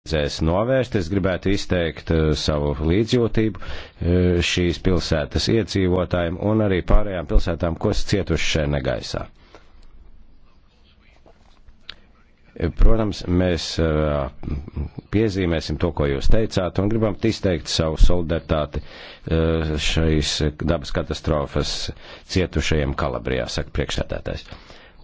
palīdzēs novērst. Es gribētu izteikt eh, savu līdzjūtību eh, šīs pilsētas iedzīvotājiem un arī pārējām pilsētām, kas cietuši šajā negaisā. Protams, mēs eh, piezīmēsim to, ko jūs teicāt, un gribam izteikt savu solidaritāti šīs dabas katastrofas cietušajiem Kalabrijā, saka priekšsēdētājs.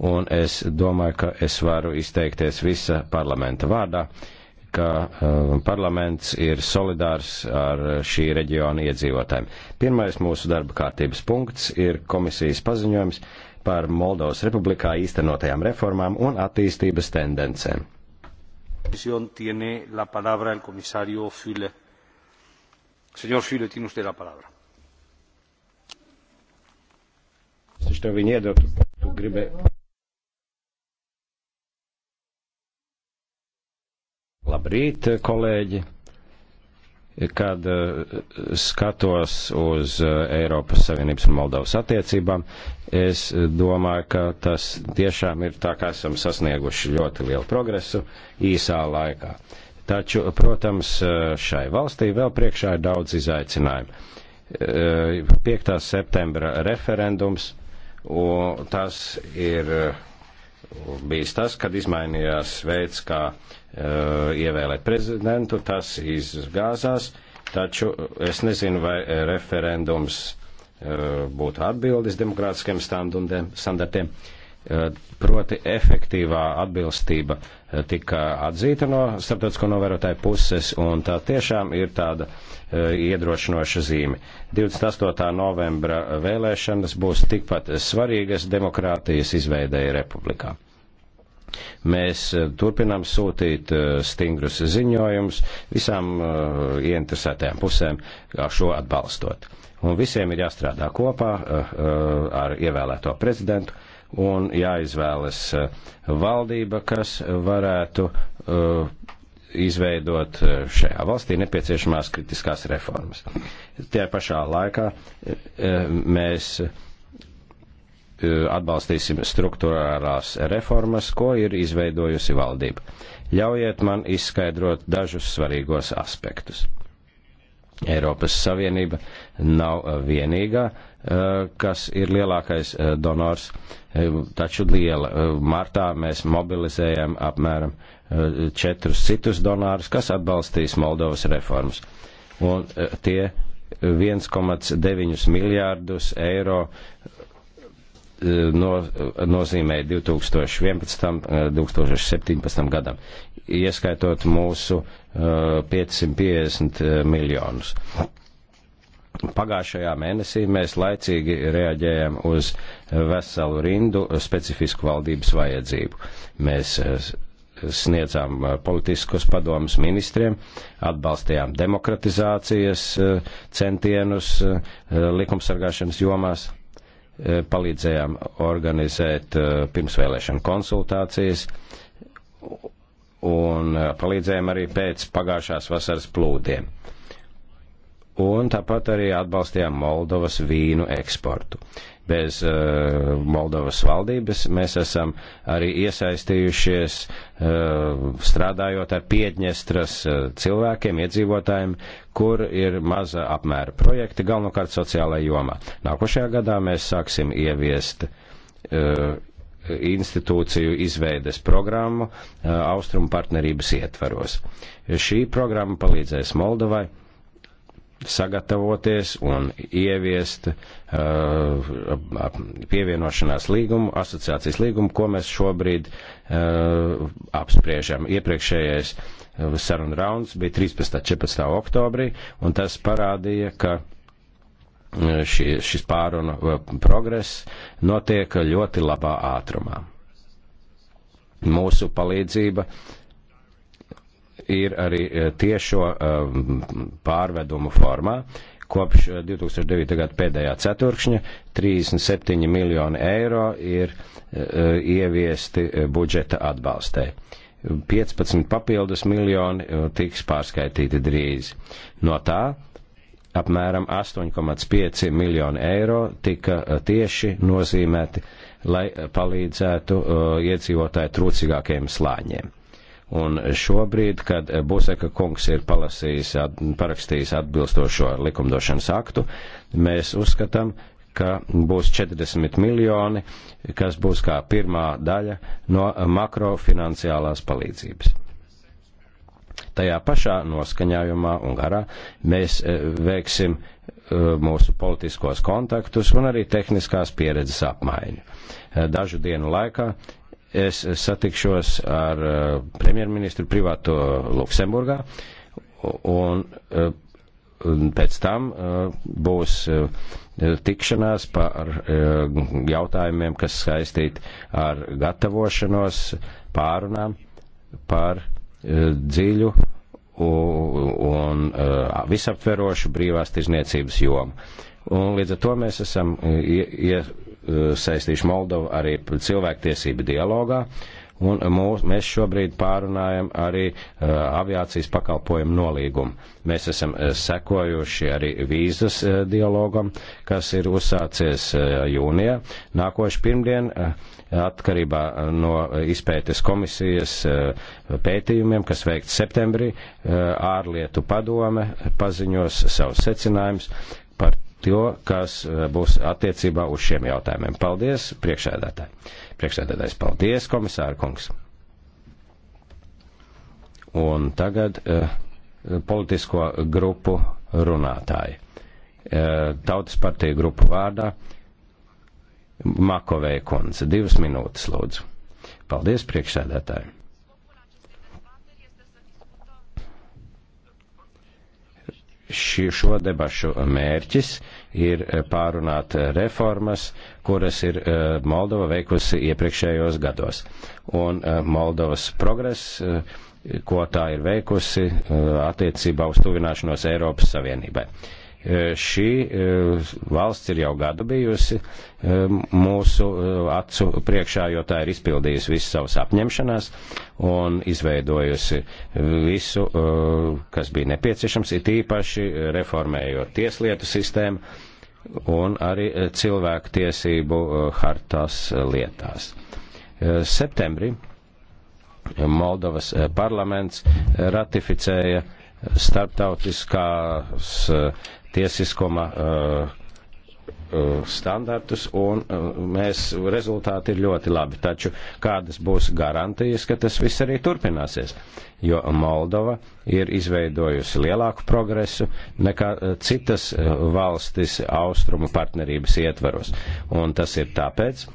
Un es domāju, ka es varu izteikties visa parlamenta vārdā. Uh, ka eh, parlaments ir solidārs ar šī reģiona iedzīvotājiem. Pirmais mūsu darba kārtības punkts ir komisijas paziņojums par Moldovas republikā īstenotajām reformām un attīstības tendencēm. Señor Füle, tiene usted la palabra. Es tev viņu iedot, tu gribēji. Labrīt, kolēģi! Kad eh, skatos uz eh, Eiropas Savienības un Moldovas attiecībām, es domāju, ka tas tiešām ir tā, kā esam sasnieguši ļoti lielu progresu īsā laikā. Taču, protams, eh, šai valstī vēl priekšā ir daudz izaicinājumu. 5. septembra referendums, un tas ir bijis tas, kad izmainījās veids, kā uh, ievēlēt prezidentu, tas izgāzās, taču es nezinu, vai referendums uh, būtu atbildes demokrātiskiem standartiem. Eh, proti efektīvā atbilstība eh, tika atzīta no starptautisko novērotāju puses, un tā tiešām ir tāda eh, iedrošinoša zīme. 28. novembra vēlēšanas būs tikpat svarīgas demokrātijas izveidēja republikā. Mēs turpinām sūtīt stingrus ziņojumus visām ieinteresētajām pusēm šo atbalstot. Un visiem ir jāstrādā kopā ar ievēlēto prezidentu un jāizvēlas eh, valdība, kas varētu eh, izveidot eh, šajā valstī nepieciešamās kritiskās reformas. Tajā pašā laikā mēs atbalstīsim struktūrārās reformas, ko ir izveidojusi valdība. Ļaujiet man izskaidrot dažus svarīgos aspektus. Eiropas Savienība nav vienīgā Eh, kas ir lielākais eh, donors, eh, taču liela. Martā mēs mobilizējam apmēram četrus citus donārus, kas atbalstīs Moldovas reformas. Un tie 1,9 miljārdus eiro no, nozīmē 2011. 2017. gadam, ieskaitot mūsu 550 miljonus. Pagājušajā mēnesī mēs laicīgi reaģējam uz veselu rindu specifisku valdības vajadzību. Mēs eh, sniedzām eh, politiskus padomus ministriem, atbalstījām demokratizācijas eh, centienus likumsargāšanas jomās, palīdzējām organizēt pirmsvēlēšana konsultācijas un palīdzējām arī pēc pagājušās vasaras plūdiem un tāpat arī atbalstījām Moldovas vīnu eksportu. Bez uh, Moldovas valdības mēs esam arī iesaistījušies uh, strādājot ar Piedņestras uh, cilvēkiem, iedzīvotājiem, kur ir maza apmēra projekti, galvenokārt sociālajā jomā. Nākošajā gadā mēs sāksim ieviest uh, institūciju izveides programmu uh, Austrumu partnerības ietvaros. Šī programma palīdzēs Moldovai uh, sagatavoties un ieviest uh, pievienošanās līgumu, asociācijas līgumu, ko mēs šobrīd uh, apspriežam. Iepriekšējais uh, saruna rauns bija 13. un 14. oktobrī, un tas parādīja, ka uh, šī, šis pārunu uh, progress notiek ļoti labā ātrumā. Mūsu palīdzība uh, ir arī e, tiešo e, pārvedumu formā. Kopš 2009. E, gada pēdējā ceturkšņa 37 miljoni eiro ir ieviesti budžeta atbalstē. 15 papildus miljoni tiks pārskaitīti drīz. No tā apmēram 8,5 miljoni eiro tika tieši nozīmēti, lai palīdzētu iedzīvotāju trūcīgākajiem slāņiem. Un šobrīd, kad Buseka kungs ir palasījis, at, parakstījis atbilstošo likumdošanas aktu, mēs uzskatām, ka būs 40 miljoni, kas būs kā pirmā daļa no makrofinanciālās palīdzības. Tajā pašā noskaņājumā un garā mēs e, veiksim e, mūsu politiskos kontaktus un arī tehniskās pieredzes apmaiņu. E, dažu dienu laikā es satikšos ar eh, premjerministru privāto Luksemburgā, un eh, pēc tam eh, būs tikšanās par jautājumiem, kas saistīti ar gatavošanos pārunām par dziļu un visaptverošu brīvās tirzniecības jomu. Un līdz ar to mēs esam ie, ie, iesaistījuši eh, Moldovu arī cilvēktiesību dialogā, un mūs, mēs šobrīd pārunājam arī uh, aviācijas pakalpojumu nolīgumu. Mēs esam uh, sekojuši arī vīzas uh, dialogam, kas ir uzsācies uh, jūnijā. Nākošu pirmdien, uh, atkarībā no izpētes komisijas uh, pētījumiem, kas veikts septembrī, uh, ārlietu padome paziņos savus secinājumus, to, kas eh, būs attiecībā uz šiem jautājumiem. Paldies, priekšēdētāji. Priekšēdētājs, paldies, komisāra kungs. Un tagad eh, politisko grupu runātāji. Eh, Tautas partija grupu vārdā Makovei kundze. Divas minūtes, lūdzu. Paldies, priekšsēdētāji. Šī, šo debašu mērķis ir eh, pārunāt eh, reformas, kuras ir eh, Moldova veikusi iepriekšējos gados. Un Moldovas progress ko tā ir veikusi attiecībā uz tuvināšanos Eiropas Savienībai. E, šī e, valsts ir jau gadu bijusi e, mūsu acu priekšā, jo tā ir izpildījusi visas savas apņemšanās un izveidojusi visu, kas bija nepieciešams, it īpaši reformējot tieslietu sistēmu un arī cilvēku tiesību hartās lietās. Septembrī Moldovas parlaments ratificēja starptautiskās eh, tiesiskuma eh, eh, standartus, un mēs rezultāti ir ļoti labi. Taču kādas būs garantijas, ka tas viss arī turpināsies? Jo Moldova ir izveidojusi lielāku progresu nekā citas valstis austrumu partnerības ietvaros. Un tas ir tāpēc,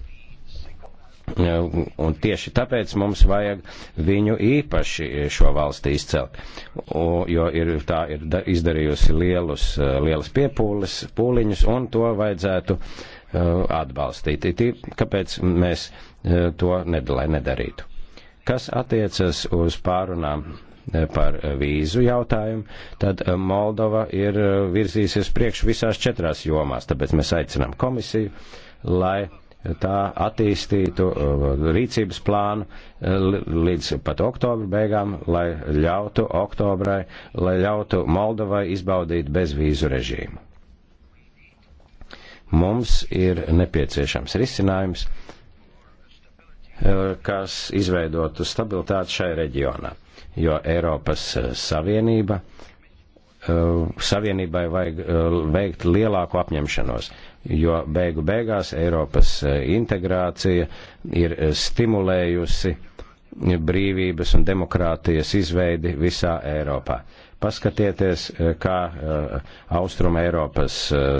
Un tieši tāpēc mums vajag viņu īpaši šo valsti izcelt, jo ir, tā ir izdarījusi lielus, lielas piepūles, pūliņus, un to vajadzētu uh, atbalstīt. Kāpēc mēs uh, to nedalai nedarītu? Kas attiecas uz pārunām uh, par vīzu jautājumu, tad Moldova ir virzīsies priekš visās četrās jomās, tāpēc mēs aicinām komisiju, lai tā attīstītu uh, rīcības plānu uh, līdz pat oktobra beigām, lai ļautu oktobrai, lai ļautu Moldovai izbaudīt bezvīzu režīmu. Mums ir nepieciešams risinājums, uh, kas izveidotu stabilitāti šai reģionā, jo Eiropas Savienība Savienībai vajag veikt lielāku apņemšanos jo beigu beigās Eiropas eh, integrācija ir eh, stimulējusi brīvības un demokrātijas izveidi visā Eiropā. Paskatieties, eh, kā Austrum Eiropas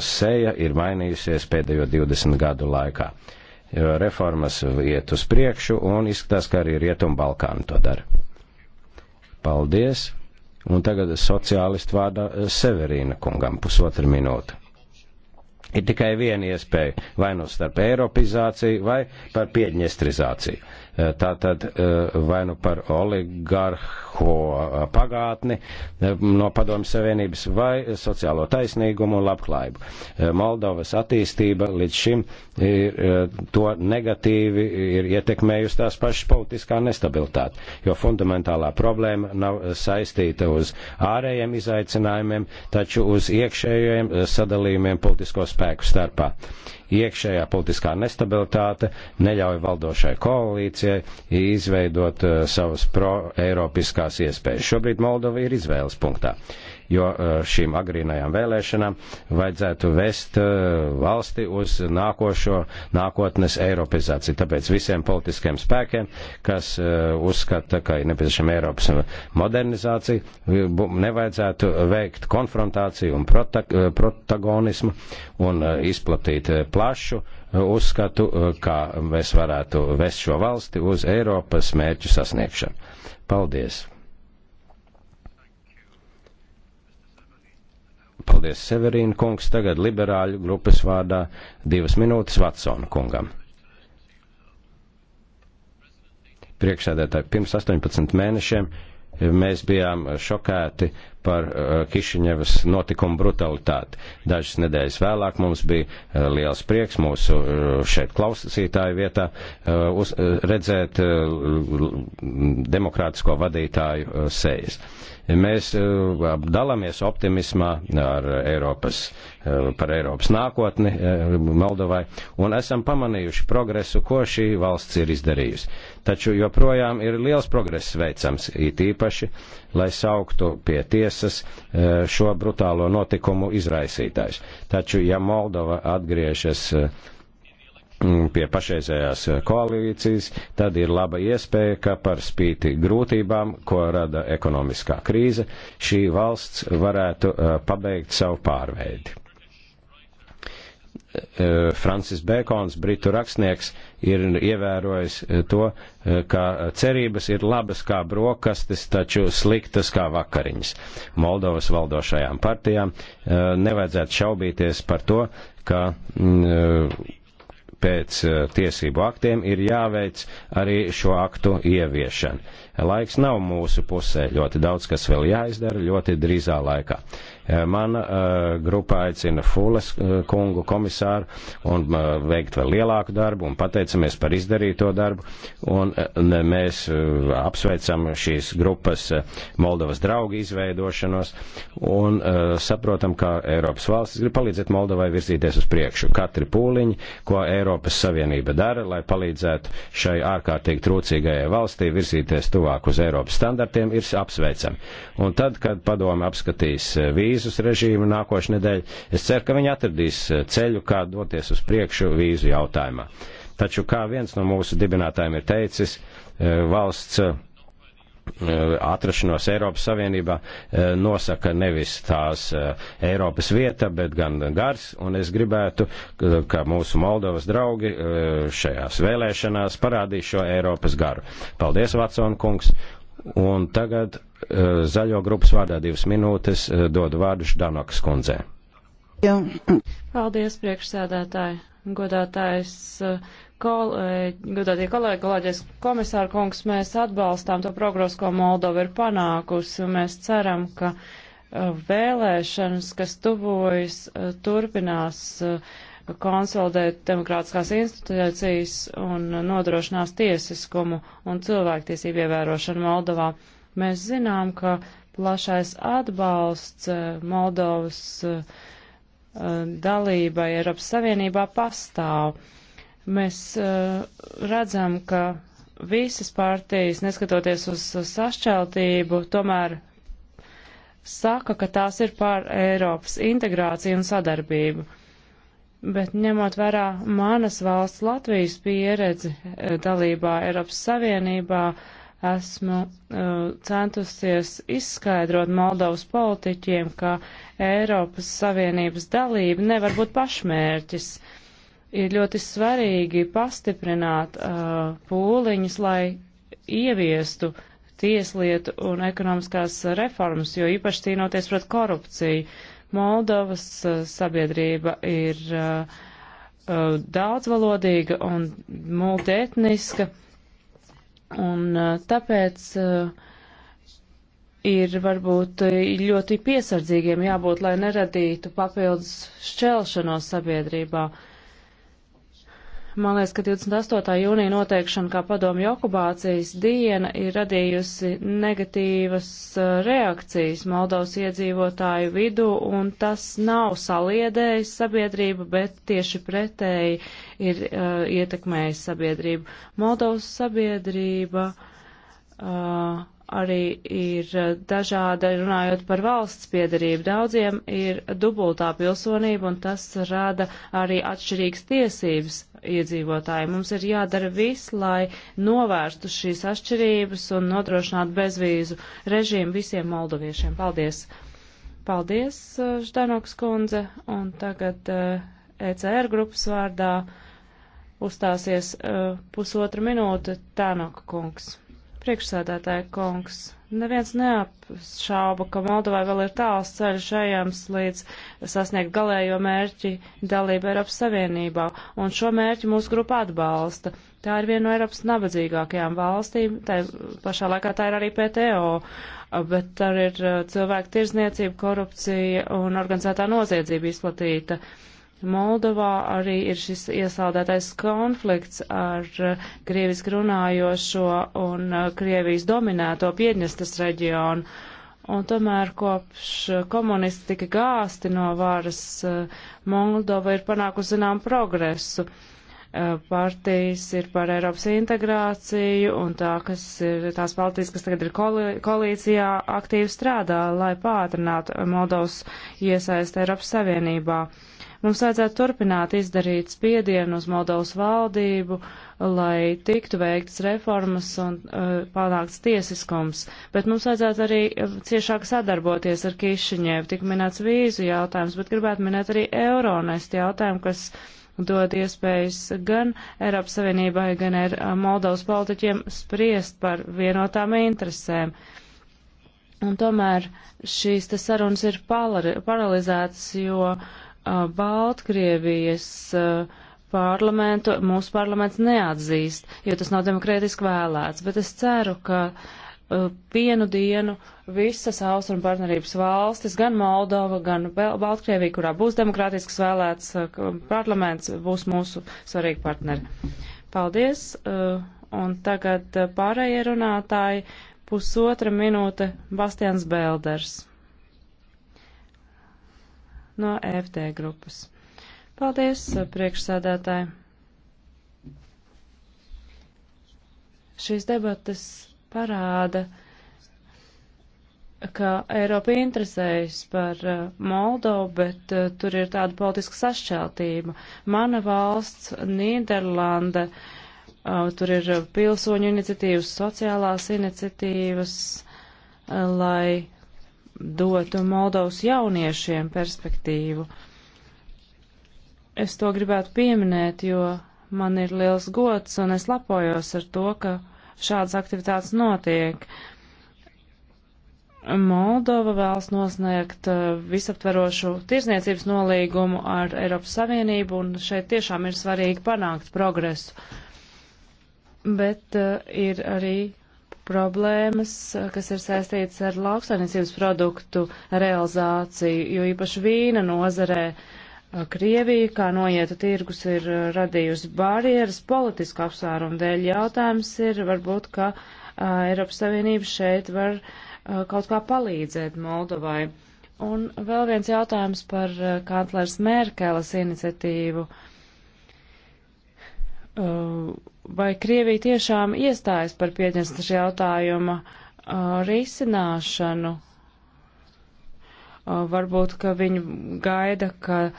seja ir mainījusies pēdējo 20 gadu laikā. Reformas iet uz priekšu un izskatās, ka arī Rietum Balkāni to dara. Paldies! Un tagad sociālistu vārdā Severīna kungam pusotru minūtu ir tikai viena iespēja - vai nu starp eiropizāciju, vai par piedņestrizāciju tātad eh, vai nu par oligarho eh, pagātni eh, no Padomjas Savienības vai sociālo taisnīgumu un labklājību. Moldovas attīstība līdz šim ir, to negatīvi ir ietekmējusi tās pašas politiskā nestabilitāte, jo fundamentālā problēma nav saistīta uz ārējiem izaicinājumiem, taču uz iekšējiem sadalījumiem politisko spēku starpā. Iekšējā politiskā nestabilitāte neļauj valdošai koalīcijai Turcijai izveidot eh, savas pro-eiropiskās iespējas. Šobrīd Moldova ir izvēles punktā. Uh, jo eh, šīm agrīnajām vēlēšanām vajadzētu vest eh, valsti uz nākošo nākotnes eiropizāciju. Tāpēc visiem politiskiem spēkiem, kas eh, uzskata, ka ir nepieciešama Eiropas modernizācija, nevajadzētu veikt konfrontāciju un prota protagonismu un izplatīt plašu uzskatu, kā mēs varētu vest šo valsti uz Eiropas mērķu sasniegšanu. Paldies! Paldies, Severīna kungs. Tagad liberāļu grupas vārdā divas minūtes Vatsona kungam. Priekšsēdētāji, pirms 18 mēnešiem mēs bijām šokēti par uh, Kišiņevas notikumu brutalitāti. Dažas nedēļas vēlāk mums bija uh, liels prieks mūsu uh, šeit klausītāju vietā uz, redzēt demokrātisko vadītāju sejas. Mēs dalāmies optimismā ar Eiropas, par Eiropas nākotni Moldovai un esam pamanījuši progresu, ko šī valsts ir izdarījusi. Taču joprojām ir liels progress veicams, it īpaši uh, lai sauktu pie tiesas eh, šo brutālo notikumu izraisītājs. Taču, ja Moldova atgriežas eh, pie pašreizējās eh, koalīcijas, tad ir laba iespēja, ka par spīti grūtībām, ko rada ekonomiskā krīze, šī valsts varētu pabeigt savu pārveidi. E, Francis Bēkons, britu rakstnieks, ir ievērojis e, to, e, ka cerības ir labas kā brokastis, taču sliktas kā vakariņas. Moldovas valdošajām partijām nevajadzētu šaubīties par to, ka pēc tiesību aktiem ir jāveic arī šo aktu ieviešana. Laiks nav mūsu pusē, ļoti daudz kas vēl jāizdara ļoti drīzā laikā. Eh, mana eh, grupa aicina Fules eh, kungu komisāru un veikt vēl lielāku darbu un pateicamies par izdarīto darbu. Un mēs apsveicam šīs grupas Moldovas draugu izveidošanos un saprotam, ka Eiropas valstis grib palīdzēt Moldovai virzīties uz priekšu. Katri pūliņi, ko Eiropas Savienība dara, lai palīdzētu šai ārkārtīgi trūcīgajai valstī virzīties tuvāk uz Eiropas standartiem, ir apsveicami. Un tad, kad padome apskatīs vīzu, vīzus režīmu nākošu nedēļu. Es ceru, ka viņi atradīs eh, ceļu, kā doties uz priekšu vīzu jautājumā. Taču, kā viens no mūsu dibinātājiem ir teicis, eh, valsts eh, atrašanos Eiropas Savienībā nosaka nevis tās Eiropas vieta, bet gan gars, un es gribētu, ka mūsu Moldovas draugi šajās vēlēšanās parādīs šo Eiropas garu. Paldies, Vatsona kungs, un tagad Eh, zaļo grupas vārdā divas minūtes eh, dodu vārdu Šdanokas kundzē. Jā. Paldies, priekšsēdētāji, godātājs, eh, kolēģi, godātie kolēģi, kolēģis komisāra kungs, mēs atbalstām to progresu, ko Moldova ir panākusi, un mēs ceram, ka vēlēšanas, kas tuvojas, turpinās konsolidēt demokrātiskās institūcijas un nodrošinās tiesiskumu un cilvēktiesību ievērošanu Moldovā. Mēs zinām, ka plašais atbalsts eh, Moldovas eh, dalībai Eiropas Savienībā pastāv. Mēs eh, redzam, ka visas partijas, neskatoties uz sašķeltību, tomēr saka, ka tās ir par Eiropas integrāciju un sadarbību. Bet ņemot vērā manas valsts Latvijas pieredzi dalībā Eiropas Savienībā, uh, esmu uh, centusies izskaidrot Moldovas politiķiem, ka Eiropas Savienības dalība nevar būt pašmērķis. Ir ļoti svarīgi pastiprināt uh, pūliņus, lai ieviestu tieslietu un ekonomiskās reformas, jo īpaši cīnoties pret korupciju. Moldovas uh, sabiedrība ir uh, uh, daudzvalodīga un multietniska. Uh, Un tāpēc ir varbūt ļoti piesardzīgiem jābūt, lai neradītu papildus šķelšanos sabiedrībā. Uh, Man liekas, ka 28. jūnija noteikšana kā padomju okupācijas diena ir radījusi negatīvas uh, reakcijas Moldovas iedzīvotāju vidu, un tas nav saliedējis sabiedrību, bet tieši pretēji ir uh, ietekmējis sabiedrību. Moldovas sabiedrība. Uh, arī ir eh, dažāda, runājot par valsts piedarību. Daudziem ir dubultā pilsonība, un tas rada arī atšķirīgas tiesības iedzīvotāji. Mums ir jādara viss, lai novērstu šīs atšķirības un nodrošinātu bezvīzu režīmu visiem moldoviešiem. Paldies! Paldies, eh, Ždanoks kundze, un tagad ECR eh, e grupas vārdā uzstāsies pusotra minūte Tānoka kungs. Priekšsēdētāja kungs, neviens neapšauba, ka Moldovai vēl ir tāls ceļš ejams līdz sasniegt galējo mērķi dalību Eiropas Savienībā, un šo mērķi mūsu grupa atbalsta. Tā ir viena no Eiropas nabadzīgākajām valstīm, tā pašā laikā tā ir arī PTO, bet tā ir uh, cilvēku tirzniecība, korupcija un organizētā noziedzība izplatīta. Uh, Moldovā arī ir šis iesaldētais konflikts ar eh, krieviski runājošo un eh, Krievijas dominēto Piedņestas reģionu. Un tomēr kopš eh, komunisti tika gāsti no varas, Moldova ir panākusi zinām progresu. Partijas ir par Eiropas integrāciju un tā, kas ir tās partijas, kas tagad ir koalīcijā, aktīvi strādā, lai pātrinātu Moldovas iesaist Eiropas Savienībā. Uh, Mums vajadzētu turpināt izdarīt spiedienu uz Moldovas valdību, lai tiktu veikts reformas un uh, panākts tiesiskums, bet mums vajadzētu arī uh, ciešāk sadarboties ar Kišiņēvu. Tik minēts vīzu jautājums, bet gribētu minēt arī Euronest jautājumu, kas dod iespējas gan Eiropas Savienībai, gan ar uh, Moldovas politiķiem spriest par vienotām interesēm. Un tomēr šīs te sarunas ir paralizētas, jo Baltkrievijas parlamentu mūsu parlaments neatzīst, jo tas nav demokrētiski vēlēts, bet es ceru, ka vienu dienu visas austrumu partnerības valstis, gan Moldova, gan Baltkrievija, kurā būs demokrātisks vēlēts parlaments, būs mūsu svarīgi partneri. Paldies! Un tagad pārējie runātāji pusotra minūte Bastians Belders no FD grupas. Paldies, uh, priekšsēdētāji! Šīs debatas parāda, ka Eiropa interesējas par uh, Moldovu, bet uh, tur ir tāda politiska sašķeltība. Mana valsts, Nīderlanda, tur ir pilsoņu iniciatīvas, sociālās iniciatīvas, lai dotu Moldovas jauniešiem perspektīvu. Es to gribētu pieminēt, jo man ir liels gods un es lapojos ar to, ka šādas aktivitātes notiek. Moldova vēlas nosniegt uh, visaptverošu tirsniecības nolīgumu ar Eiropas Savienību, un šeit tiešām ir svarīgi panākt progresu. Bet uh, ir arī problēmas, eh, kas ir saistītas ar lauksainicības produktu realizāciju, jo īpaši vīna nozarē eh, Krievija, kā noieta tirgus, ir eh, radījusi barjeras politisku apsvērumu dēļ. Jautājums ir varbūt, ka Eiropas Savienība šeit var kaut kā palīdzēt Moldovai. Un vēl viens jautājums par kanclers Merkeles iniciatīvu. Uh, vai Krievija tiešām iestājas par pieņemstas jautājuma uh, risināšanu. Uh, varbūt, ka viņi gaida, ka uh,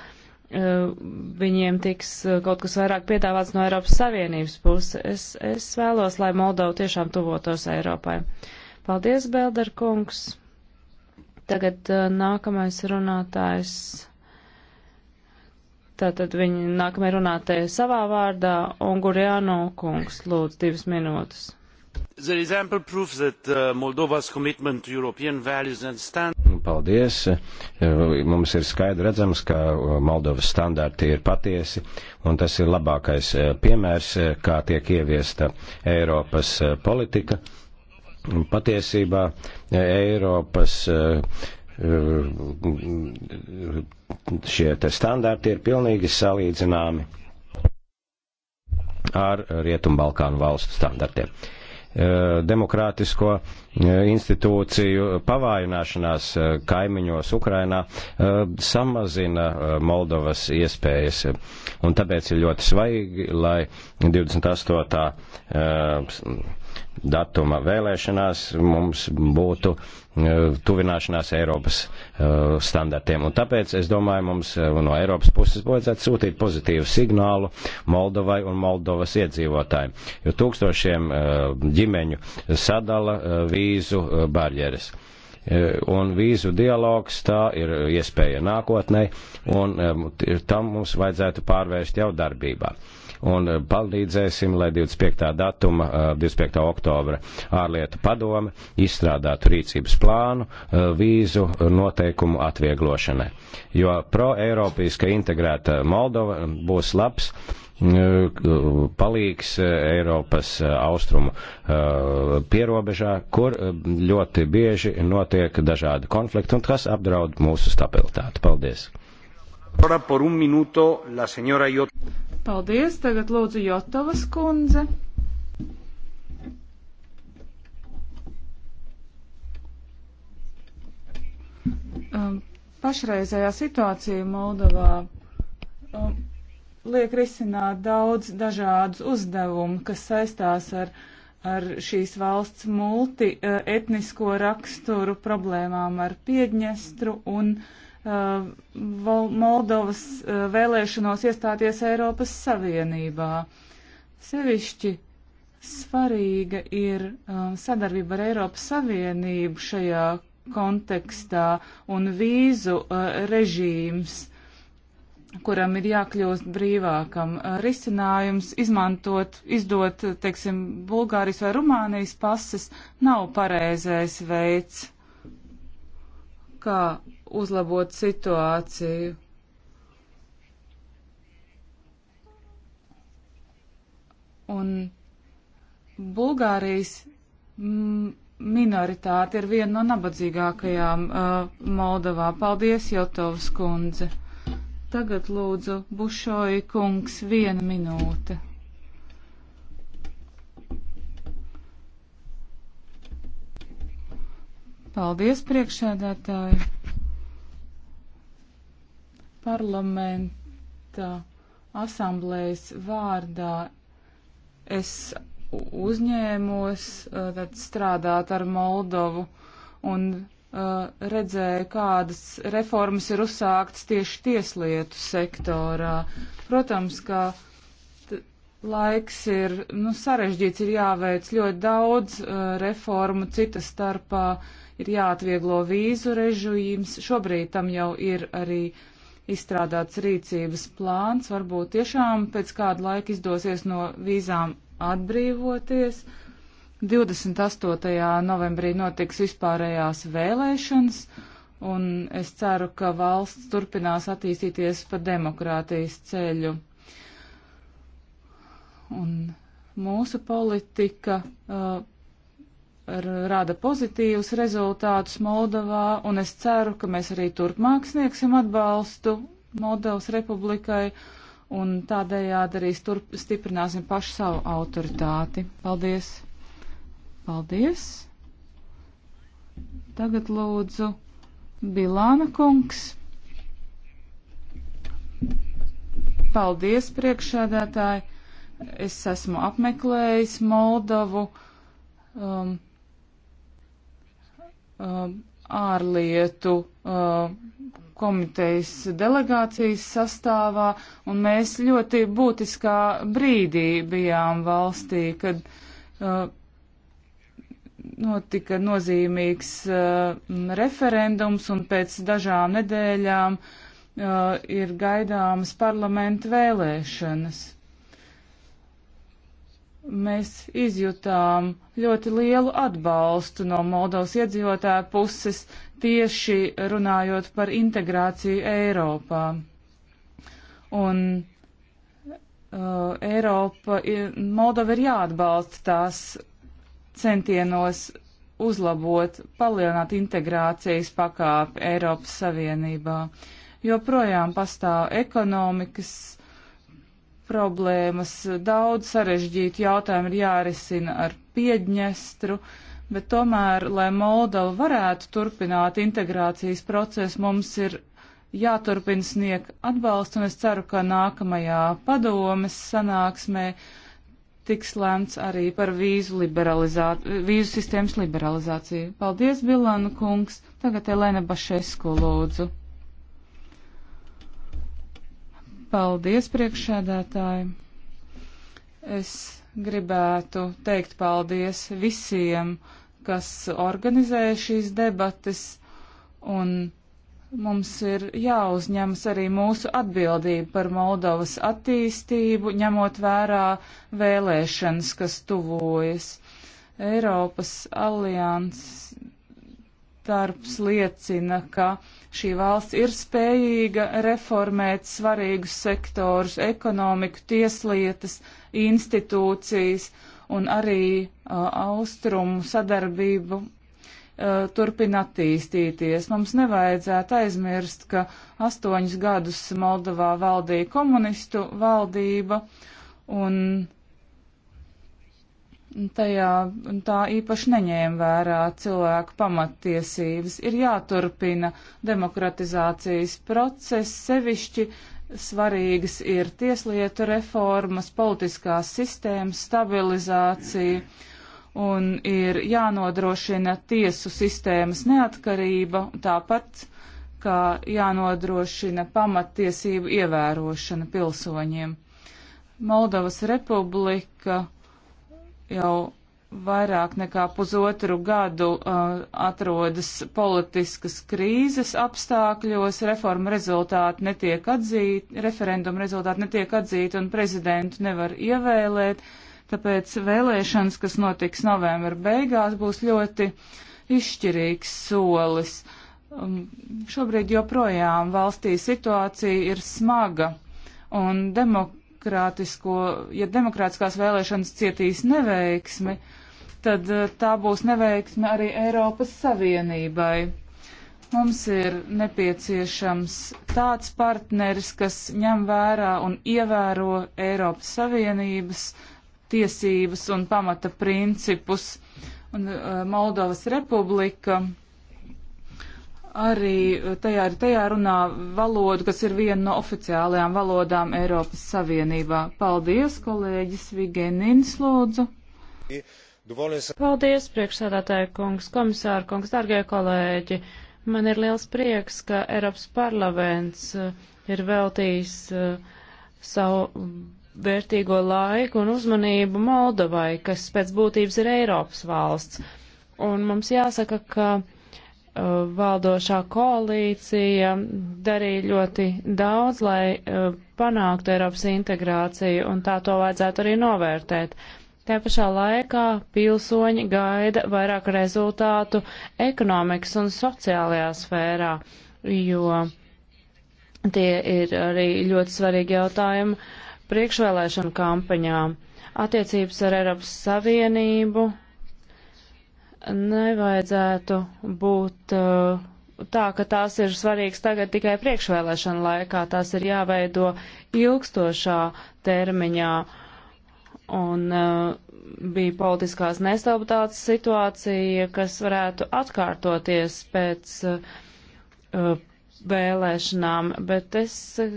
viņiem tiks uh, kaut kas vairāk piedāvāts no Eiropas Savienības puses. Es, es vēlos, lai Moldova tiešām tuvotos Eiropai. Paldies, Belder kungs! Tagad uh, nākamais runātājs. Tātad viņi nākamajā runātēja savā vārdā, un Gurjāno kungs lūdz divas minūtes. The example proves that uh, Moldova's commitment to European values and standards paldies. Uh, mums ir skaidri redzams, ka uh, Moldovas standarti ir patiesi, un tas ir labākais uh, piemērs, kā tiek ieviesta Eiropas politika. Patiesībā Eiropas uh, Eh, šie te standarti ir pilnīgi salīdzināmi ar Rietumbalkānu valstu standartiem eh, demokrātisko eh, institūciju pavājināšanās kaimiņos Ukrainā samazina Moldovas iespējas. Un tāpēc ir ļoti svaigi, lai 28 datuma vēlēšanās mums būtu eh, tuvināšanās Eiropas eh, standartiem. Un tāpēc, es domāju, mums eh, no Eiropas puses vajadzētu sūtīt pozitīvu signālu Moldovai un Moldovas iedzīvotājiem, jo tūkstošiem ģimeņu sadala vīzu barjeras un vīzu dialogs tā ir iespēja nākotnē, un tam mums vajadzētu pārvērst jau darbībā un eh, palīdzēsim, lai 25. datuma, 25. Eh, oktobra ārlietu padome izstrādātu rīcības plānu eh, vīzu noteikumu atvieglošanai. Jo pro-eiropeiska integrēta Moldova būs labs palīgs Eiropas austrumu pierobežā, kur ļoti bieži notiek dažādi konflikti un kas apdraud mūsu stabilitāti. Paldies! Paldies. Tagad lūdzu Jotovas kundze. Um, pašreizējā situācija Moldovā um, liek risināt daudz dažādus uzdevumu, kas saistās ar, ar šīs valsts multietnisko uh, raksturu problēmām ar Piedņestru un uh, Uh, Moldovas uh, vēlēšanos iestāties Eiropas Savienībā. Sevišķi svarīga ir um, sadarbība ar Eiropas Savienību šajā kontekstā un vīzu uh, režīms kuram ir jākļūst brīvākam. Risinājums izmantot, izdot, teiksim, Bulgārijas vai Rumānijas pases nav pareizais veids, kā uzlabot situāciju. Un Bulgārijas minoritāte ir viena no nabadzīgākajām uh, Moldovā. Paldies, Jotovs kundze. Tagad lūdzu Bušoji kungs viena minūte. Paldies, priekšēdētāji parlamenta asamblējas vārdā es uzņēmos uh, tad strādāt ar Moldovu un uh, redzēju, kādas reformas ir uzsāktas tieši tieslietu sektorā. Protams, ka laiks ir nu, sarežģīts, ir jāveic ļoti daudz uh, reformu, cita starpā ir jāatvieglo vīzu režīms. Šobrīd tam jau ir arī uh, izstrādāts rīcības plāns. Varbūt tiešām pēc kāda laika izdosies no vīzām atbrīvoties. 28. novembrī notiks vispārējās vēlēšanas, un es ceru, ka valsts turpinās attīstīties pa demokrātijas ceļu. Un mūsu politika uh, rada pozitīvus rezultātus Moldovā, un es ceru, ka mēs arī turpmāk sniegsim atbalstu Moldovas republikai, un tādējādi arī turp, stiprināsim pašu savu autoritāti. Paldies! Paldies! Tagad lūdzu Bilāna kungs. Paldies, priekšādātāji! Es esmu apmeklējis Moldovu. Um, um, ārlietu um, komitejas delegācijas sastāvā, un mēs ļoti būtiskā brīdī bijām valstī, kad uh, notika nozīmīgs uh, referendums, un pēc dažām nedēļām uh, ir gaidāmas parlamentu vēlēšanas mēs izjutām ļoti lielu atbalstu no Moldovas iedzīvotāju puses tieši runājot par integrāciju Eiropā. Un uh, Eiropa, Moldova ir jāatbalsta tās centienos uzlabot, palielināt integrācijas pakāpi Eiropas Savienībā. Joprojām pastāv ekonomikas problēmas, daudz sarežģītu jautājumu ir jārisina ar Piedņestru, bet tomēr, lai Moldova varētu turpināt integrācijas procesu, mums ir jāturpina sniegt atbalstu, un es ceru, ka nākamajā padomes sanāksmē tiks lēmts arī par vīzu, vīzu sistēmas liberalizāciju. Paldies, Bilana kungs. Tagad Elena Bašesko lūdzu. Paldies, priekšsēdētāji! Es gribētu teikt paldies visiem, kas organizēja šīs debates, un mums ir jāuzņemas arī mūsu atbildība par Moldovas attīstību, ņemot vērā vēlēšanas, kas tuvojas. Eiropas alianses darbs liecina, ka šī valsts ir spējīga reformēt svarīgus sektorus - ekonomiku, tieslietas, institūcijas un arī uh, austrumu sadarbību uh, turpina attīstīties. Mums nevajadzētu aizmirst, ka astoņus gadus Moldovā valdīja komunistu valdība un uh, tajā tā īpaši neņēma vērā cilvēku pamattiesības. Ir jāturpina demokratizācijas process, sevišķi svarīgas ir tieslietu reformas, politiskās sistēmas stabilizācija un ir jānodrošina tiesu sistēmas neatkarība, tāpat kā jānodrošina pamattiesību ievērošana pilsoņiem. Moldovas republika jau vairāk nekā pusotru gadu uh, atrodas politiskas krīzes apstākļos, reforma rezultāti netiek atzīti, referenduma rezultāti netiek atzīti un prezidentu nevar ievēlēt, tāpēc vēlēšanas, kas notiks novembra beigās, būs ļoti izšķirīgs solis. Um, šobrīd joprojām valstī situācija ir smaga un demokrātija demokrātisko, ja demokrātiskās vēlēšanas cietīs neveiksmi, tad eh, tā būs neveiksme arī Eiropas Savienībai. Mums ir nepieciešams tāds partneris, kas ņem vērā un ievēro Eiropas Savienības tiesības un pamata principus. Un, uh, Moldovas Republika arī tajā, tajā runā valodu, kas ir viena no oficiālajām valodām Eiropas Savienībā. Paldies, kolēģis Vigenins, lūdzu. Paldies, priekšsēdētāja kungs, komisāra kungs, dargie kolēģi. Man ir liels prieks, ka Eiropas parlaments uh, ir veltījis uh, savu vērtīgo laiku un uzmanību Moldovai, kas pēc būtības ir Eiropas valsts. Un mums jāsaka, ka Uh, valdošā koalīcija darīja ļoti daudz, lai uh, panāktu Eiropas integrāciju, un tā to vajadzētu arī novērtēt. Tā pašā laikā pilsoņi gaida vairāk rezultātu ekonomikas un sociālajā sfērā, jo tie ir arī ļoti svarīgi jautājumi priekšvēlēšanu kampaņām. Attiecības ar Eiropas Savienību nevajadzētu būt uh, tā, ka tās ir svarīgas tagad tikai priekšvēlēšana laikā, tās ir jāveido ilgstošā termiņā. Un uh, bija politiskās nestabilitātes situācija, kas varētu atkārtoties pēc uh, vēlēšanām, bet es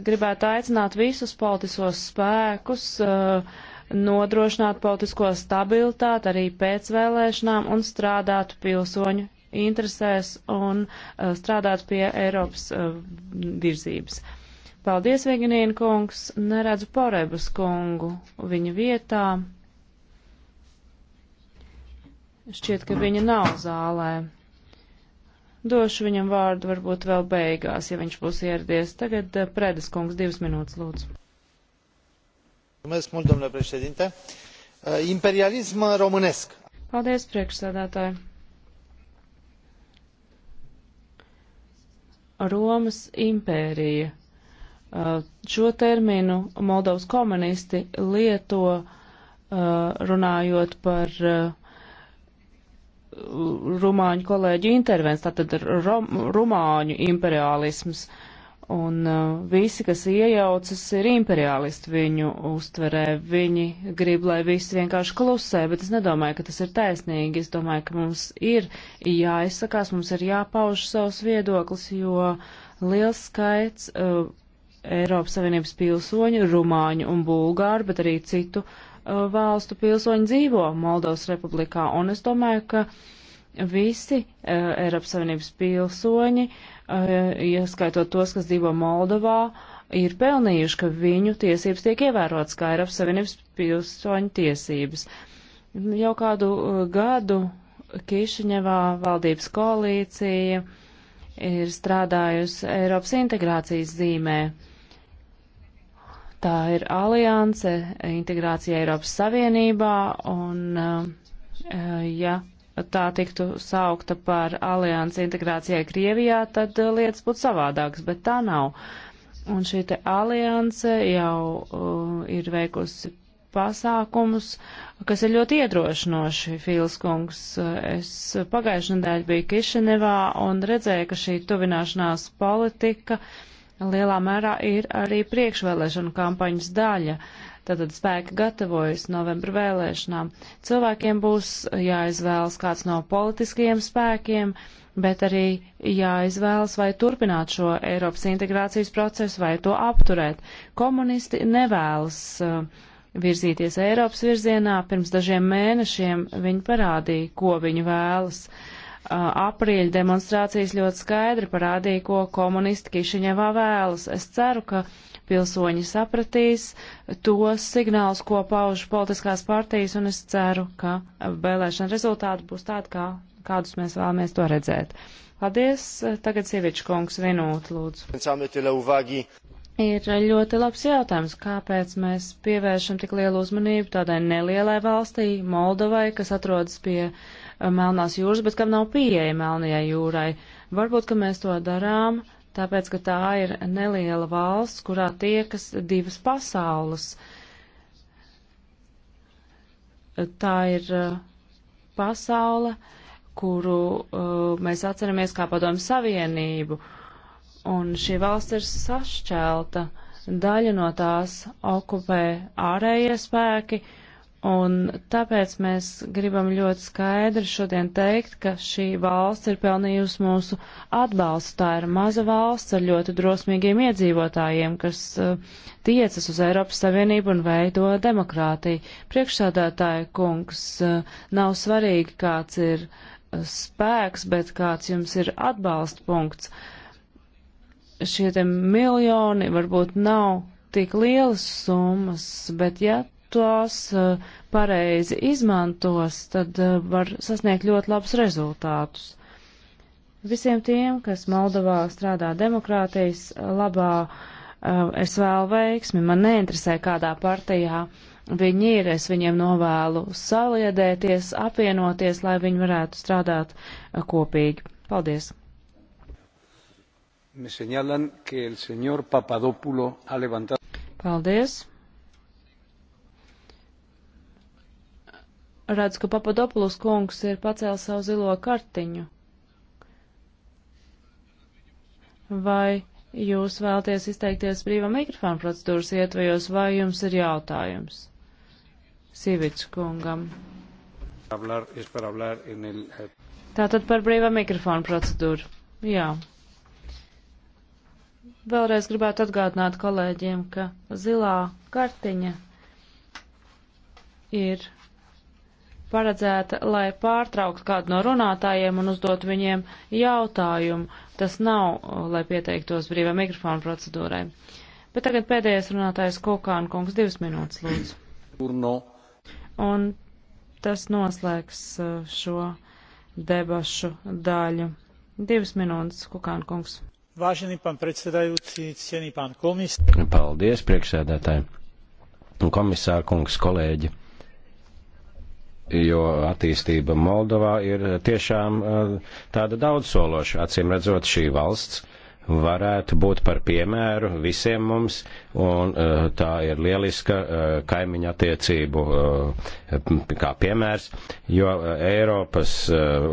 gribētu aicināt visus politiskos spēkus uh, nodrošināt politisko stabilitāti arī pēc vēlēšanām un strādāt pilsoņu interesēs un uh, strādāt pie Eiropas uh, virzības. Paldies, Viganīna kungs, neredzu Porebas kungu viņa vietā. Šķiet, ka viņa nav zālē. Došu viņam vārdu varbūt vēl beigās, ja viņš būs ieradies. Tagad uh, Predes kungs divas minūtes lūdzu. Uh, imperialism românesc. Paldies, priekšsēdētāji. Romas impērija. Uh, šo terminu Moldovas komunisti lieto uh, runājot par rumāņu kolēģu intervences, tātad rom, rumāņu imperialisms. Uh, Un uh, visi, kas iejaucas, ir imperialisti viņu uztverē. Viņi grib, lai viss vienkārši klusē, bet es nedomāju, ka tas ir taisnīgi. Es domāju, ka mums ir jāizsakās, mums ir jāpauž savs viedoklis, jo liels skaits uh, Eiropas Savienības pilsoņu, rumāņu un bulgāru, bet arī citu uh, valstu pilsoņu dzīvo Moldovas republikā. Un es domāju, ka visi uh, Eiropas Savienības pilsoņi uh, ieskaitot tos, kas dzīvo Moldovā, ir pelnījuši, ka viņu tiesības tiek ievērotas, kā ir apsavienības pilsoņu tiesības. Jau kādu gadu Kišiņevā valdības koalīcija ir strādājusi Eiropas integrācijas zīmē. Tā ir alianse integrācija Eiropas Savienībā, un ja tā tiktu saukta par aliansi integrācijai Krievijā, tad uh, lietas būtu savādākas, bet tā nav. Un šī te alianse jau uh, ir veikusi pasākumus, kas ir ļoti iedrošinoši, Fīlskungs. Es pagājušajā nedēļā biju Kišinevā un redzēju, ka šī tuvināšanās politika lielā mērā ir arī priekšvēlēšana kampaņas daļa. Uh, Tātad spēki gatavojas novembra vēlēšanām. Cilvēkiem būs jāizvēlas kāds no politiskajiem spēkiem, bet arī jāizvēlas vai turpināt šo Eiropas integrācijas procesu vai to apturēt. Komunisti nevēlas uh, virzīties Eiropas virzienā. Pirms dažiem mēnešiem viņi parādīja, ko viņi vēlas uh, aprīļa demonstrācijas ļoti skaidri parādīja, ko komunisti Kišiņevā vēlas. Es ceru, ka pilsoņi sapratīs tos signālus, ko pauž politiskās partijas, un es ceru, ka vēlēšana rezultāti būs tādi, kā, kādus mēs vēlamies to redzēt. Paldies. Tagad sieviešu kungs minūte, lūdzu. Ir ļoti labs jautājums, kāpēc mēs pievēršam tik lielu uzmanību tādai nelielai valstī, Moldovai, kas atrodas pie eh, Melnās jūras, bet kam nav pieeja Melnajai jūrai. Varbūt, ka mēs to darām uh, tāpēc, ka tā ir neliela valsts, kurā tiekas divas pasaules. Tā ir uh, pasaule, kuru uh, mēs atceramies kā padomu savienību, un šī valsts ir sašķelta. Daļa no tās okupē ārējie spēki, uh, Un tāpēc mēs gribam ļoti skaidri šodien teikt, ka šī valsts ir pelnījusi mūsu atbalstu. Tā ir maza valsts ar ļoti drosmīgiem iedzīvotājiem, kas uh, tiecas uz Eiropas Savienību un veido demokrātiju. Priekšsādātāja kungs uh, nav svarīgi, kāds ir uh, spēks, bet kāds jums ir atbalsta punkts. Šie miljoni varbūt nav tik lielas summas, bet ja tos eh, pareizi izmantos, tad eh, var sasniegt ļoti labus rezultātus. Visiem tiem, kas Moldovā strādā demokrātijas labā, eh, es vēlu veiksmi, man neinteresē kādā partijā viņi ir, es viņiem novēlu saliedēties, apvienoties, lai viņi varētu strādāt kopīgi. Paldies! Paldies! redzu, ka Papadopulus kungs ir pacēlis savu zilo kartiņu. Vai jūs vēlties izteikties brīvā mikrofona procedūras ietvajos, vai jums ir jautājums? Sivits kungam. Eh, Tātad par brīvā mikrofona procedūru. Jā. Vēlreiz gribētu atgādināt kolēģiem, ka zilā kartiņa ir paredzēta, lai pārtrauktu kādu no runātājiem un uzdot viņiem jautājumu. Tas nav, uh, lai pieteiktos brīvā mikrofona procedūrai. Bet tagad pēdējais runātājs Kokāna kungs divas minūtes lūdzu. Urno. Un tas noslēgs uh, šo debašu daļu. Divas minūtes, Kokāna kungs. Vážený pán predsedajúci, cený pán komisár. Paldies, priekšsēdētāji. Komisār kungs, kolēģi jo attīstība Moldovā ir tiešām eh, tāda daudzsološa. Acīm redzot, šī valsts varētu būt par piemēru visiem mums, un eh, tā ir lieliska eh, kaimiņa attiecību kā piemērs, jo Eiropas,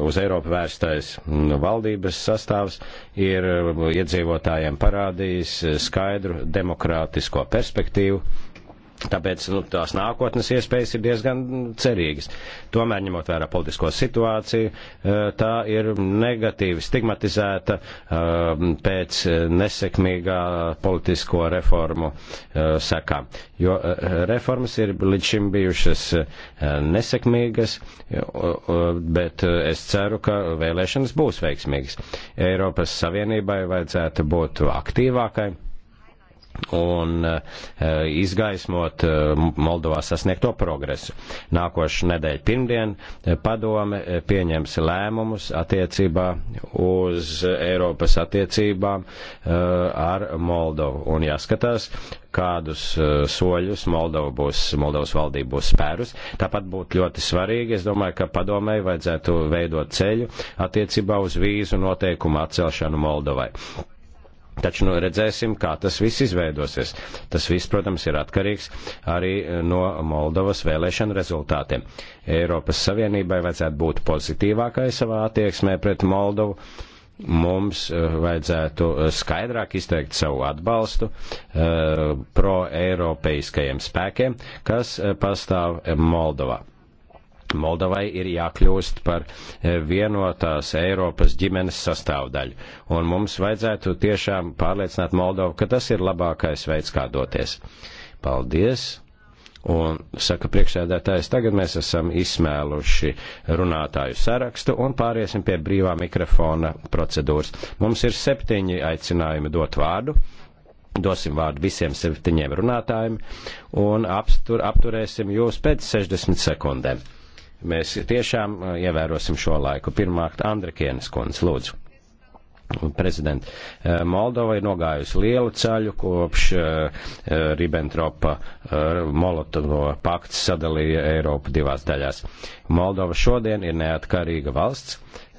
uz Eiropu vērstais mm, valdības sastāvs ir iedzīvotājiem parādījis skaidru demokrātisko perspektīvu, Tāpēc nu, tās nākotnes iespējas ir diezgan cerīgas. Tomēr, ņemot vērā politisko situāciju, eh, tā ir negatīvi stigmatizēta eh, pēc eh, nesekmīgā politisko reformu sekām. Jo reformas ir līdz šim bijušas nesekmīgas, bet es ceru, ka vēlēšanas būs veiksmīgas. Eiropas Savienībai vajadzētu būt aktīvākai un e, izgaismot e, Moldovā sasniegto progresu. Nākošu nedēļu pirmdien e, padome pieņems lēmumus attiecībā uz Eiropas attiecībām ar Moldovu. Un jāskatās, kādus soļus Moldova būs, Moldovas valdība būs spērus. Tāpat būtu ļoti svarīgi, es domāju, ka padomē vajadzētu veidot ceļu attiecībā uz vīzu noteikumu atcelšanu Moldovai Taču nu, redzēsim, kā tas viss izveidosies. Tas viss, protams, ir atkarīgs arī eh, no Moldovas vēlēšanu rezultātiem. Eiropas Savienībai vajadzētu būt pozitīvākai savā attieksmē pret Moldovu. Mums eh, vajadzētu eh, skaidrāk izteikt savu atbalstu pro-eiropeiskajiem spēkiem, kas pastāv Moldovā. Moldovai ir jākļūst par e, vienotās Eiropas ģimenes sastāvdaļu, un mums vajadzētu tiešām pārliecināt Moldovu, ka tas ir labākais veids, kā doties. Paldies! Un, saka priekšsēdētājs, tagad mēs esam izsmēluši runātāju sarakstu un pāriesim pie brīvā mikrofona procedūras. Mums ir septiņi aicinājumi dot vārdu dosim vārdu visiem septiņiem runātājiem un apstur, apturēsim jūs pēc 60 sekundēm mēs tiešām uh, ievērosim šo laiku. Pirmkārt, Andrikienes kundze, lūdzu. Prezident, uh, Moldova ir nogājusi lielu ceļu kopš uh, Ribbentropa Molotovo pakts sadalīja Eiropu divās daļās. Moldova šodien ir neatkarīga valsts,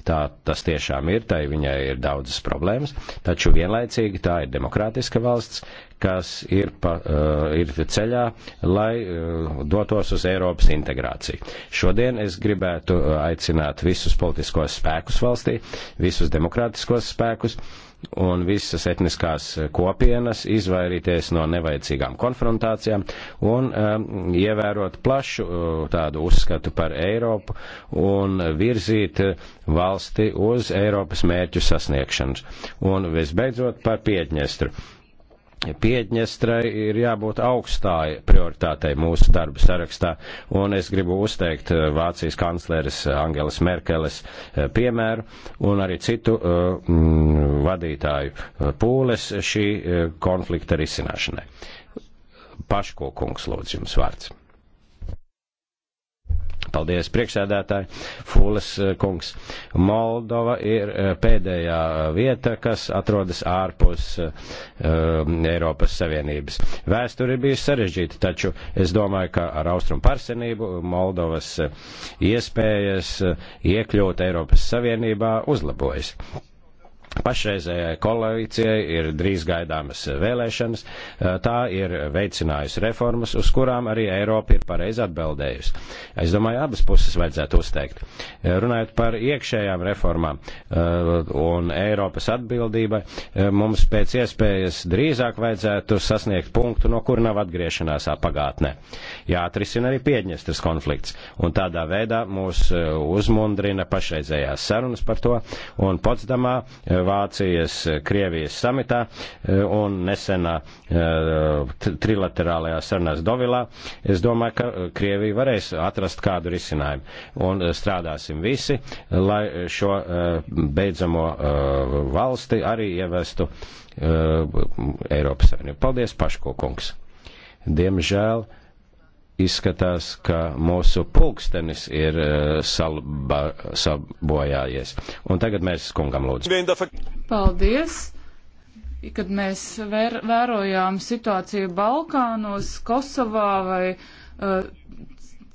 Tā tas tiešām ir, tai viņai ir daudzas problēmas, taču vienlaicīgi tā ir demokrātiska valsts, kas ir, pa, uh, ir ceļā, lai uh, dotos uz Eiropas integrāciju. Šodien es gribētu aicināt visus politiskos spēkus valstī, visus demokrātiskos spēkus, uh, un visas etniskās kopienas, izvairīties no nevajadzīgām konfrontācijām un um, ievērot plašu uh, tādu uzskatu par Eiropu un virzīt valsti uz Eiropas mērķu sasniegšanas. Un visbeidzot par Piedņestru. Piedņestrai ir jābūt augstāji prioritātei mūsu darba sarakstā, un es gribu uzteikt eh, Vācijas kancleres eh, Angeles Merkeles eh, piemēru un arī citu uh, vadītāju pūles šī konflikta risināšanai. Paško kungs lūdzu jums vārds. Paldies, priekšsēdētāji, Fūles eh, kungs. Moldova ir eh, pēdējā vieta, kas atrodas ārpus uh, Eiropas Savienības. Vēsture ir bijusi sarežģīta, taču es domāju, ka ar austrumu parsenību Moldovas iespējas iekļūt Eiropas Savienībā uzlabojas. Pašreizējai koalīcijai ir drīz gaidāmas vēlēšanas, tā ir veicinājusi reformas, uz kurām arī Eiropa ir pareizi atbildējusi. Es domāju, abas puses vajadzētu uzteikt. Runājot par iekšējām reformām un Eiropas atbildībai, mums pēc iespējas drīzāk vajadzētu sasniegt punktu, no kur nav atgriešanās pagātnē. Jāatrisina arī Piedņestras konflikts, un tādā veidā mūs uzmundrina pašreizējās sarunas par to, un Potsdamā Vācijas, Krievijas samitā eh, un nesenā eh, trilaterālajā sarunās Dovilā. Es domāju, ka Krievija varēs atrast kādu risinājumu un eh, strādāsim visi, lai šo beidzamo valsti arī ievestu Eiropas Savienību. Paldies, Paško kungs! Diemžēl izskatās, ka mūsu pulkstenis ir eh, salba, sabojājies. Un tagad mēs kungam lūdzu. Paldies! Kad mēs vēr, vērojām situāciju Balkānos, Kosovā vai uh,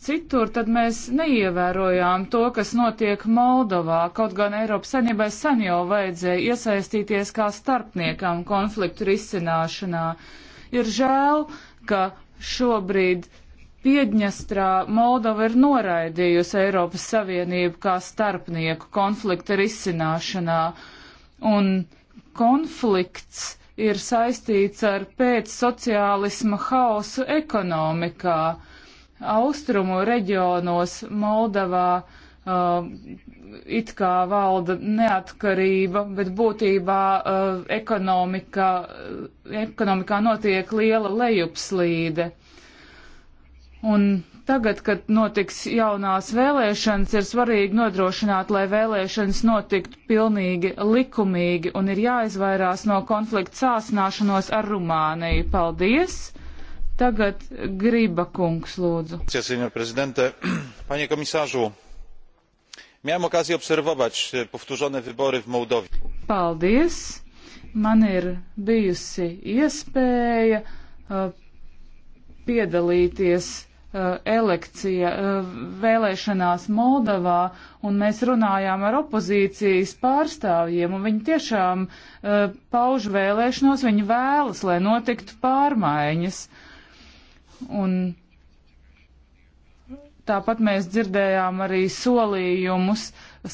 citur, tad mēs neievērojām to, kas notiek Moldovā. Kaut gan Eiropas saimniebai sen jau vajadzēja iesaistīties kā starpniekam konfliktu risināšanā. Ir žēl, ka šobrīd Piedņestrā Moldova ir noraidījusi Eiropas Savienību kā starpnieku konflikta risināšanā, un konflikts ir saistīts ar pēc sociālisma hausu ekonomikā. Austrumu reģionos Moldavā uh, it kā valda neatkarība, bet būtībā uh, ekonomikā, uh, ekonomikā notiek liela lejupslīde. Uh, Un tagad, kad notiks jaunās vēlēšanas, ir svarīgi nodrošināt, lai vēlēšanas notiktu pilnīgi likumīgi un ir jāizvairās no konflikta sāsināšanos ar Rumāniju. Paldies! Tagad Griba kungs lūdzu. Panie komisārzu, miałem okazję obserwować powtórzone wybory w Mołdowii. Paldies! Man ir bijusi iespēja uh, piedalīties Eh, elekcija, eh, vēlēšanās Moldavā, un mēs runājām ar opozīcijas pārstāvjiem, un viņi tiešām eh, pauž vēlēšanos, viņi vēlas, lai notiktu pārmaiņas. Un tāpat mēs dzirdējām arī solījumus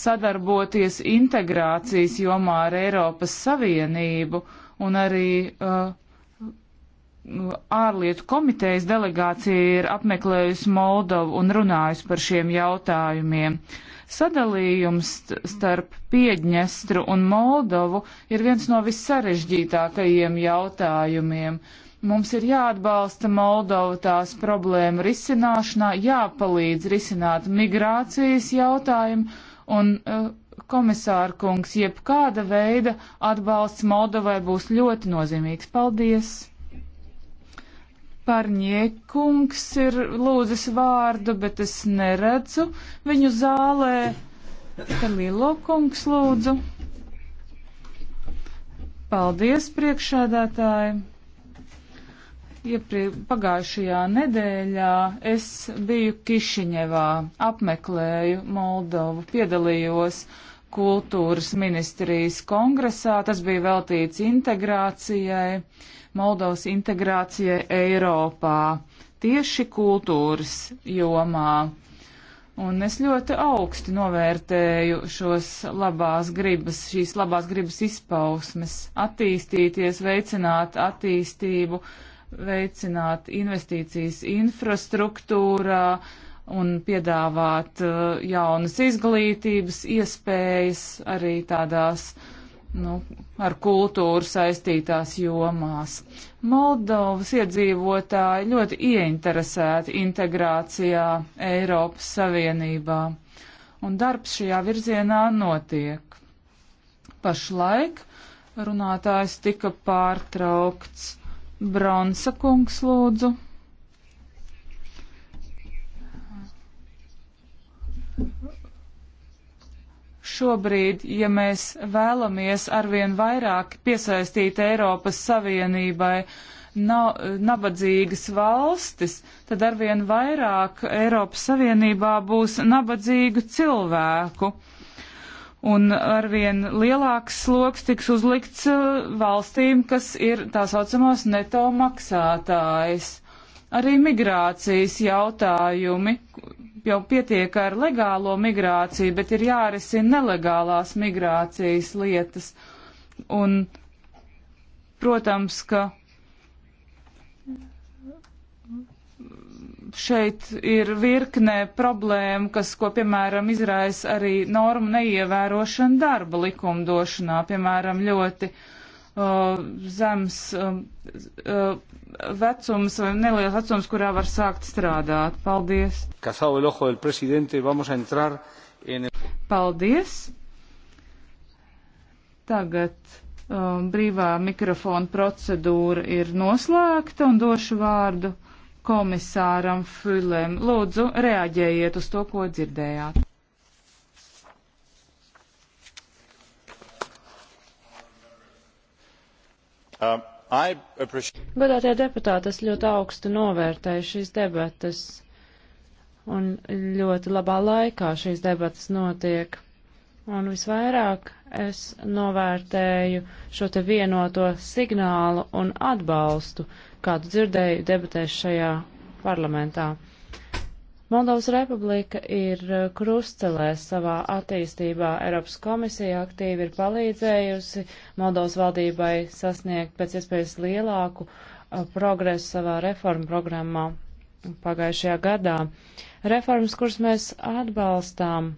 sadarboties integrācijas jomā ar Eiropas Savienību un arī uh, ārlietu komitejas delegācija ir apmeklējusi Moldovu un runājusi par šiem jautājumiem. Sadalījums starp Piedņestru un Moldovu ir viens no vissarežģītākajiem jautājumiem. Mums ir jāatbalsta Moldova tās problēmu risināšanā, jāpalīdz risināt migrācijas jautājumu un uh, komisāra kungs, jebkāda veida atbalsts Moldovai būs ļoti nozīmīgs. Paldies! Parņiekungs ir lūdzis vārdu, bet es neredzu viņu zālē. Kalilo kungs lūdzu. Paldies priekšādātāji. Ieprie, pagājušajā nedēļā es biju Kišiņevā, apmeklēju Moldovu, piedalījos kultūras ministrijas kongresā, tas bija veltīts integrācijai Moldovas integrācijai Eiropā, tieši kultūras jomā. Un es ļoti augsti novērtēju šos labās gribas, šīs labās gribas izpausmes, attīstīties, veicināt attīstību, veicināt investīcijas infrastruktūrā un piedāvāt uh, jaunas izglītības iespējas arī tādās uh, nu, ar kultūru saistītās jomās. Moldovas iedzīvotāji ļoti ieinteresēti integrācijā Eiropas Savienībā, un darbs šajā virzienā notiek. Pašlaik runātājs tika pārtraukts. Bronsa kungs lūdzu. Šobrīd, ja mēs vēlamies arvien vairāk piesaistīt Eiropas Savienībai na nabadzīgas valstis, tad arvien vairāk Eiropas Savienībā būs nabadzīgu cilvēku un arvien lielāks sloks tiks uzlikts uh, valstīm, kas ir tā saucamos neto maksātājs. Arī migrācijas jautājumi, jau pietiek ar legālo migrāciju, bet ir jārisina nelegālās migrācijas lietas. Un, protams, ka šeit ir virknē problēmu, kas, ko, piemēram, izraisa arī normu neievērošana darba likumdošanā, piemēram, ļoti uh, Uh, zems um, uh, vecums vai neliels vecums, kurā var sākt strādāt. Paldies! Paldies! Tagad um, brīvā mikrofona procedūra ir noslēgta un došu vārdu komisāram Fülēm. Lūdzu, reaģējiet uz to, ko dzirdējāt. Uh, appreciate... Godātie deputāti, es ļoti augstu novērtēju šīs debatas, un ļoti labā laikā šīs debatas notiek. Un visvairāk es novērtēju šo te vienoto signālu un atbalstu, kādu dzirdēju debatēs šajā parlamentā. Moldovas republika ir eh, krustcelēs savā attīstībā. Eiropas komisija aktīvi ir palīdzējusi Moldovas valdībai sasniegt pēc iespējas lielāku eh, progresu savā reformu programmā pagājušajā gadā. Reformas, kuras mēs atbalstām,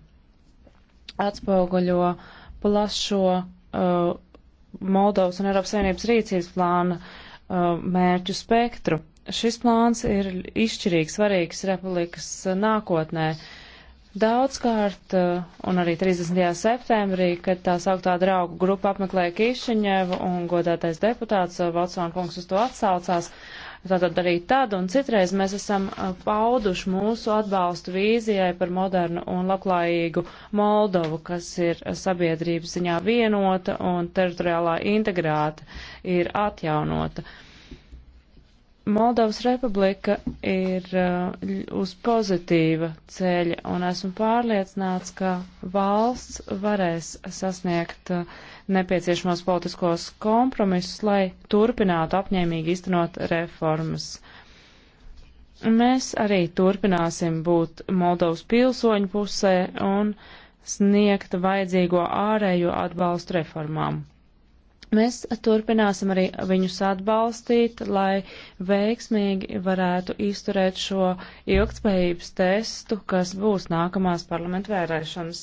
atspoguļo plašo uh, Moldovas un Eiropas Savienības rīcības plāna uh, mērķu spektru. Šis plāns ir izšķirīgi svarīgs republikas nākotnē. Daudzkārt, un arī 30. septembrī, kad tā sauktā draugu grupa apmeklēja Kišiņevu un godātais deputāts Valsona kungs uz to atsaucās, tātad arī tad un citreiz mēs esam pauduši mūsu atbalstu vīzijai par modernu un labklājīgu Moldovu, kas ir sabiedrības ziņā vienota un teritoriālā integrāta ir atjaunota. Uh, Moldovas republika ir uh, uz pozitīva ceļa, un esmu pārliecināts, ka valsts varēs sasniegt uh, nepieciešamos politiskos kompromisus, lai turpinātu apņēmīgi iztenot reformas. Mēs arī turpināsim būt Moldovas pilsoņu pusē un sniegt vajadzīgo ārējo atbalstu reformām. Mēs turpināsim arī viņus atbalstīt, lai veiksmīgi varētu izturēt šo ilgtspējības testu, kas būs nākamās parlamentu vērēšanas.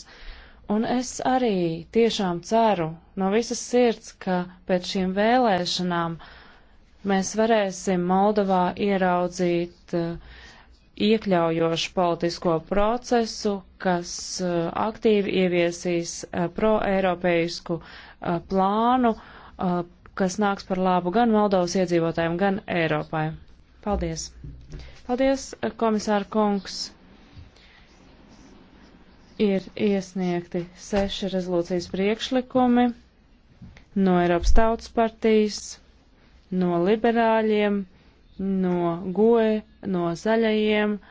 Un es arī tiešām ceru no visas sirds, ka pēc šīm vēlēšanām mēs varēsim Moldovā ieraudzīt uh, iekļaujošu politisko procesu, kas uh, aktīvi ieviesīs uh, pro-eiropeisku plānu, uh, Uh, kas nāks par labu gan Moldovas iedzīvotājiem, gan Eiropai. Paldies! Paldies, uh, komisāra kungs! Ir iesniegti seši rezolūcijas priekšlikumi no Eiropas Tautas partijas, no liberāļiem, no goja, e, no zaļajiem,